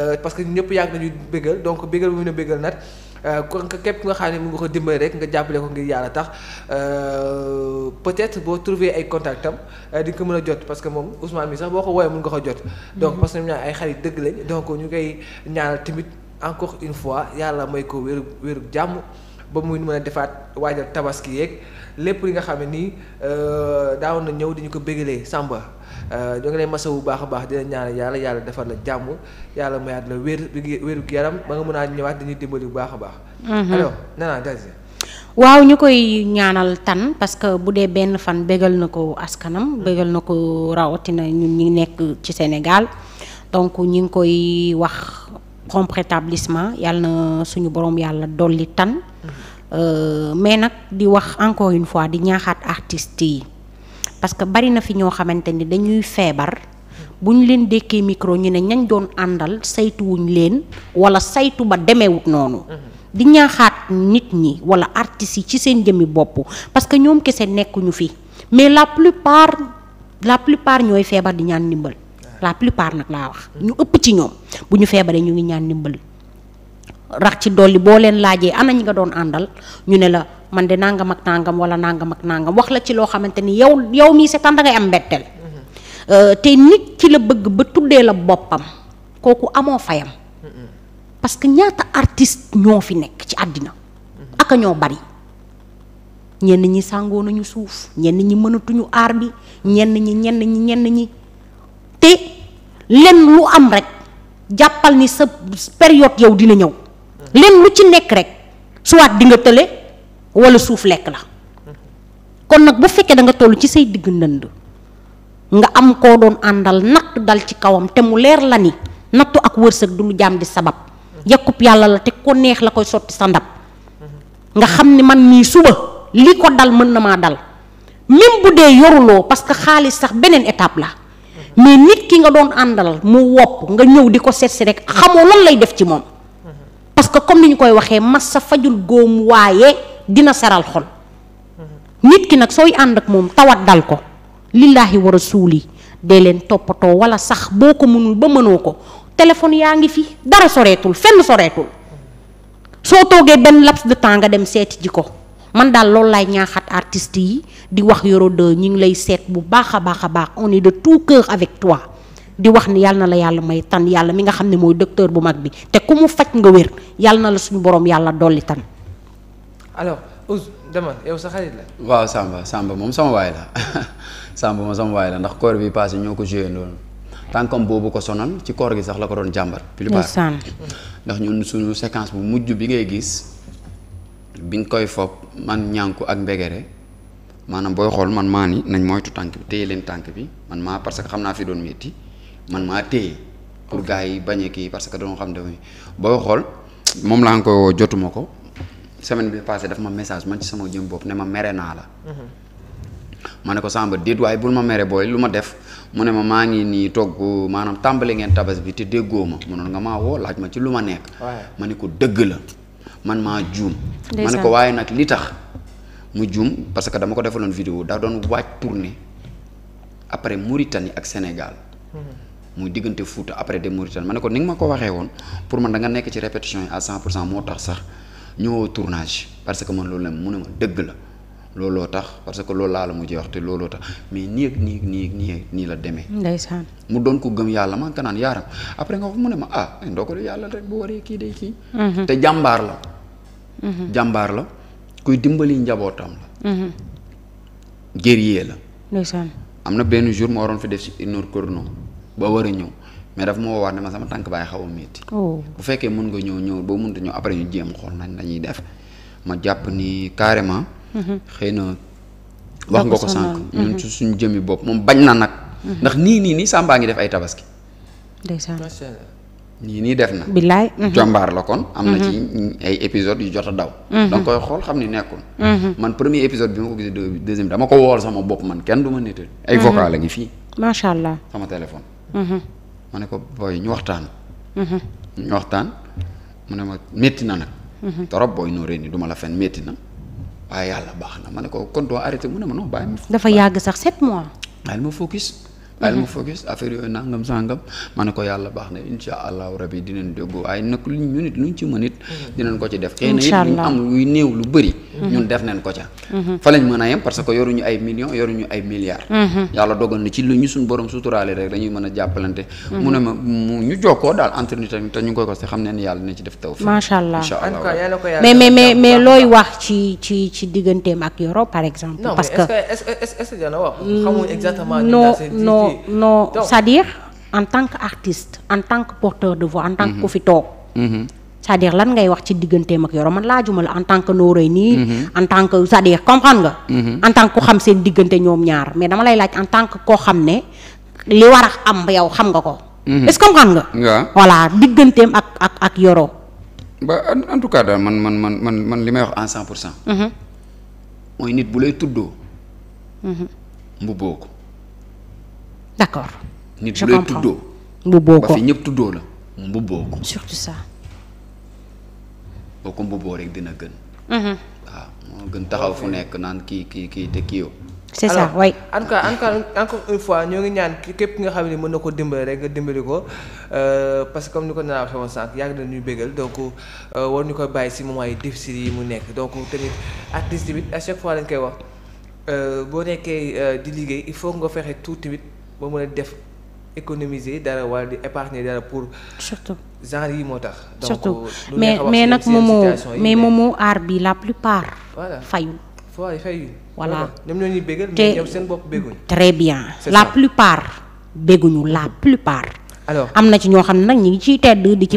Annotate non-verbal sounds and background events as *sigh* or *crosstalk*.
Euh, parce que ñëpp yàgg ñu bégal donc bégal bu ñu ne bégal nag euh, kon képp nga xam ne mu nga ko dimbali rek nga jàppale ko ngir yàlla tax euh, peut-être boo trouver ay contactam di ko mën a jot parce que moom Ousmane mi sax boo ko woowee mën nga ko jot. Mm-hmm. donc parce que ñoom ñaar ay xarit dëgg lañ donc ñu koy ñaanal tamit encore une fois yàlla may ko wéru wéru jàmm ba muy mën a defaat waajal tabaski yeeg. lépp li nga xam ne nii euh, daawoon na ñëw diñu ko béggalee Samba euh, ñoo ngi lay bu baax a baax dina ñaan yàlla yàlla defar la jàmm yàlla mayaat la wér wéru yaram ba nga mën a ñëwaat dañuy dimbali bu baax a baax mhm. alors nanaa dasi waaw ñu koy ñaanal tan parce que bu dee benn fan bégal na ko askanam mhm. bégal na ko rawatina ñun ñi nekk ci senegal donc ñi ngi koy wax prompt yàlla na suñu borom yàlla dolli tan mhm. Euh, mais nag di wax encore une fois di ñaaxaat artist yi parce que bari na fi ñoo xamante ni dañuy feebar bu ñu leen dékkee micro ñu ne ñañ doon àndal saytuwuñ leen wala saytu ba demeewut noonu. di ñaaxaat nit ñi wala artistes yi ci seen jëmmi bopp parce que ñoom kese nekkuñu fi mais la plupart la plupart ñooy feebar di ñaan ndimbal. la plupart nag laa wax. ñu ëpp ci ñoom bu ñu feebaree ñu ngi ñaan ndimbal. rax ci dolli boo leen laajee ana ñi nga doon àndal ñu ne la man de nangam ak nangam wala nangam ak nangam wax la ci loo xamante ni yow yow mii seetaan dangay ngay am mbetteel euh, te nit ci la bëgg ba tuddee la boppam kooku amoo fayam parce que ñaata artist ñoo fi nekk ci àddina ak a ñoo bari ñenn ñi sàngoo nañu suuf ñenn ñi mënatuñu aar bi ñenn ñi ñenn ñi ñenn ñi te lenn lu am rek jàppal ni sa période yow dina ñëw leen lu ci nekk rek soit di nga tële wala suuf lekk la kon nag bu fekkee da nga toll ci say diggu ndënd nga am koo doon àndal natt dal ci kawam te mu leer la ni nattu ak wërsëg du lu jaam di sabab yakkub yàlla la te ko neex la koy sotti sa ndab nga xam ni man nii suba li ko dal mën na maa dal même bu dee yoruloo parce que xaalis sax beneen étape la mais nit ki nga doon àndal mu wopp nga ñëw di ko seet si rek xamoo lan lay def ci moom parce que comme ni ñu koy waxee massa fajul góom waaye dina saral xol nit ki nag sooy ànd ak moom tawat dal ko lillaahi wa rasuuli dee leen toppatoo wala sax boo ko mënul ba mënoo ko téléphone yaa ngi fi dara soreetul fenn soreetul soo toogee benn laps de temps nga dem seeti ji ko man daal loolu laay ñaaxat artistes yi di wax yorode 2 ñu ngi lay seet bu baax a baax a baax on est de tout cœur avec toi di wax ni yàlla na la yàlla may tan yàlla mi nga xam ne mooy docteur bu mag bi te ku mu faj nga wér yàlla na la suñu boroom yàlla dolli tan alors Ouz dama yow waaw Samba Samba moom sama waay la *laughs* Samba moom sama waay la ndax koor bi passé ñoo ko joué loolu tànkam boobu ko sonal ci koor gi sax la ko doon jàmbar. ndeysaan ndax ñun suñu séquence bu mujj bi ngay gis bi nga koy fob man ñànku ak mbegere maanaam booy xool man maa ni nañ moytu tànk bi téye leen tànk bi man maa parce que xam naa fi doon metti man maa téye pour gars yi bañ a kii parce que doon xam ne moom laa nga ko jotuma ko semaine bi passé daf ma message man ci sama jëm bopp ne ma mere naa la ma ne ko samba déet waaye bul ma mere booy lu ma def mu ne ma maa ngi nii togg maanaam tàmbali ngeen tabas bi te déggoo ma munoon nga maa woo laaj ma ci lu ma nekk ma ne ko dëgg la man maa juum ma ne ko waaye nag li tax mu jum parce que dama ko defaloon vidéo daa doon waaj tournée après Mauritanie ak Sénégal mhm. muy diggante Fouta après dem Mauritanie ma ne ko ni ma ko waxee woon pour man da nga nekk ci répétition yi à pour cent moo tax sax ñëwoo tournage parce que man loolu la mu ne ma dëgg la looloo tax parce que loolu laa la mujjee wax te looloo tax mais nii ak nii nii nii nii la demee. mu doon ko gëm yàlla man kanaan yaaram après nga wax mu ne ma ah ndoo ko yàlla rek bu waree kii day kii. Mhm. te jàmbaar la. Mhm. jàmbaar la kuy dimbali njabootam la. Mhm. guerrier la. na benn jour ma waroon fi def ba war a ñëw mais daf moo woowaat ne ma sama tànk baay xaw a métti oh. bu fekkee mën nga ñëw ñëw boo mënta ñëw après ñu jéem xool nañ dañuy def ma jàpp ni carrément mhm. xëy na wax nga ko sànq ñun mhm. ci suñu jëmmi bopp moom bañ na nag mhm. ndax nii nii nii sàmbaa ngi def ay tabaski ndeysaan nii nii def na billaay jombaar la kon am na ci ay épisodes yu jot a daw danga koy xool xam ni nekkul man premier épisode bi ma ko gisee deuxième dama ko wool sama bopp man kenn du ma nettali ay vocal la ngi fii macha allah sama téléphone Mm-hmm. ma ne ko booy ñu waxtaan. Mm-hmm. ñu waxtaan mu ne ma métti na nag. Mm-hmm. trop booy nooree ni du la fen métti na waaye yàlla baax na ma ne ko kon doo mu ne ma non bàyyi ma. dafa yàgg sax 7 mois. bàyyi ma focus. bàyyi ma focus affaire yooyu nangam sangam ma ne ko yàlla baax na incha allahu rabi dinañ dégg waaye nag lu ñu nit lu ñu ci mën dinañ ko ci def. xëy na it am luy néew lu bëri. ñun def neen ko ca fa lañ mën a yem parce que yoruñu ay millions yoruñu ay milliards yàlla dogal na ci lu ñu suñ borom suturaale rek dañuy mën a jàppalante mu ne ma ñu jokkoo daal entre nit tamit te ñu koy ko si xam ne ni yàlla na ci def taw macha allah mais mais mais looy wax ci ci digganteem ak Europe par exemple parce que mm, non non non en tant qu'artiste en tant que porteur de voix en tant que ku mm-hmm. c'est-à-dire lan ngay wax ci digganteem ak Yoro man laajuma la en tant que nooray nii. Mhm. en tant que c'est-à-dire comprendre nga. Mhm. en tant ku xam seen diggante ñoom ñaar mais dama lay laaj en tant koo xam ne li war a am yow xam nga ko. Mhm. est-ce que comprendre nga. voilà digganteem ak ba en tout cas daal man man man man li may wax en cent pour cent. mooy nit bu lay tuddoo. mbubboo ko. d'accord. nit bu lay tuddoo. mbubboo ko ba fi ñëpp tuddoo la mbubboo ko. boo ko mbubboo rek dina gën. Mhm. waaw moo gën taxaw fu nekk naan kii kii kii te kii yow. c'est ça waay en tout cas encore une fois ñoo ngi ñaan képp ki nga xam ne mën na ko dimbali rek nga dimbali ko euh, parce que comme ni ko naan waxee woon sànq yàgg na ñuy donc euh, war ñu koy bàyyi ci moment yi yi mu nekk donc tamit artiste tamit à chaque fois lañ koy wax euh, boo nekkee di liggéey il faut nga fexe tout tamit ba mën a def. économiser dara wala di épargner dara pour. surtout genre yi moo tax. surtout mais mais nag moomu mais aar bi la plupart. voilà fayul. waaw fayul. voilà ñoom ñoo ñuy bégal mais ñoom seen bopp bégguñu. très bien la plupart bégguñu la plupart. alors am na ci ñoo xam ne nag ñu ngi ciy tedd di ci.